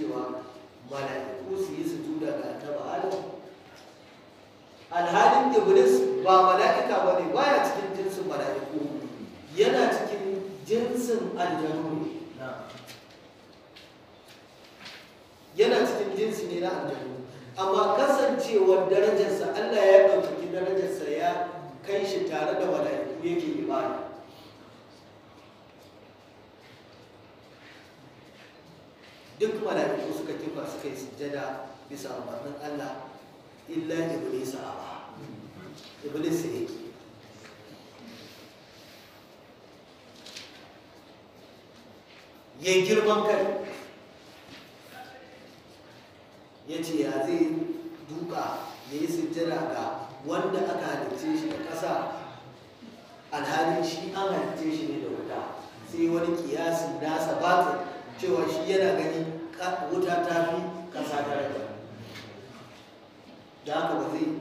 cewa mala'iku su yi sujuda ga annabi adam alhalin iblis ba mala'ika ba ne baya cikin jinsin mala'iku yana cikin jinsin aljanu yana cikin jinsi ne na aljanu amma kasancewar darajarsa Allah ya ɗauki darajarsa ya kai shi tare da mala'iku yake ibada duk mala'iku suka kifa suka yi sujada, bisa umarnin Allah illa iblis aba iblis ne yake ya girman kai ya ce ya zai duka ya yi sujjada ga wanda aka halitce shi da ƙasa alhalin shi an halitce shi ne da wuta sai wani kiyasi nasa batin cewa shi yana gani wuta ta fi kasa daraja da haka ba zai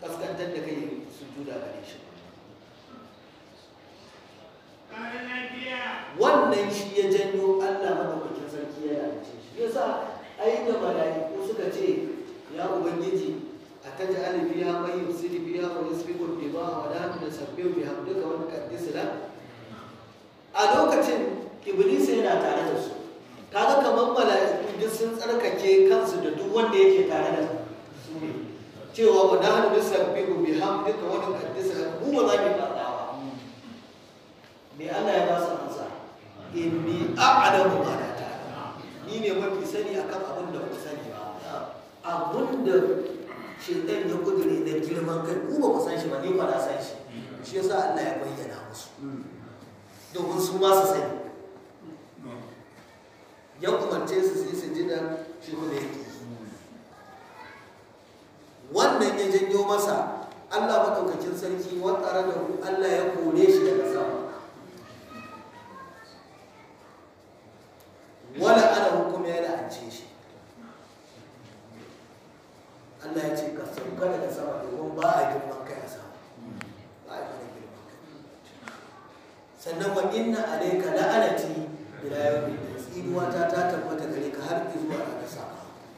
kaskantar da kai sujuda gare shi wannan shi ya janyo Allah madaukakin sarki ya lalace shi Ya yasa ai da mala'iku suka ce ya ubangiji a mai أتجعل فيها من a فيها ويسفك الدماء ونحن نسبح بحمدك ونقدس لك a lokacin iblis yana tare da su kaga kamar mala'iku duk sun tsarkake kansu da duk wanda yake tare da su cewa wa nahnu nusabbihu da wani nuqaddisuka mu kuma za mu fadawa me Allah ya ba su ansa inni ba da ta ni ne mafi sani akan abin da ku sani ba abin da shaitan ya kudure da girman kai ku ba ku san shi ba ni ba na san shi shi yasa Allah ya bayyana musu domin su ma su sani sumbance su su yi sujjida shi kuma wannan ya janyo masa Allah maɗaukakin sarki watsara da Allah ya kone shi daga sama Wani ana hukuma ya la'ance shi Allah ya ce ka sauka daga sama domin ba a girman kai a sama ba a girman kai sannan wa inna alayka la'anati ila yawmin tsinuwata ta tabbata gare ka har zuwa ranar sakamako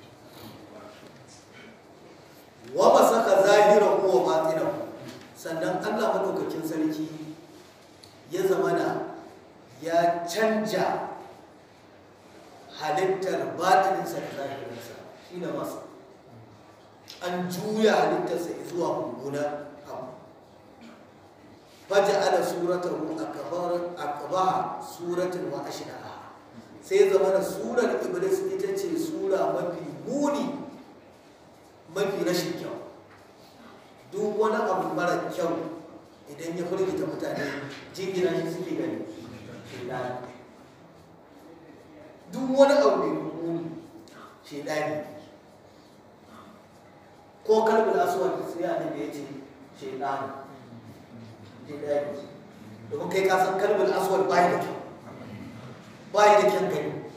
wa ba saka zahira ko wa batina sannan Allah madaukakin sarki ya zama da ya canja halittar batininsa da zahirinsa shi ne masu an juya halittarsa zuwa mummuna abu faja ala suratahu akabaha suratin wa ashnaha sai zama da surar iblis ita ce sura mafi muni mafi rashin kyau duk wani abu mara kyau idan ya firgita mutane jingina shi suke gani duk wani abu mai muni shi shaidani ko kalbin asuwa da sai da ya ce shi shaidani domin kai kasan kalbin asuwa ba ya da kyau by different people.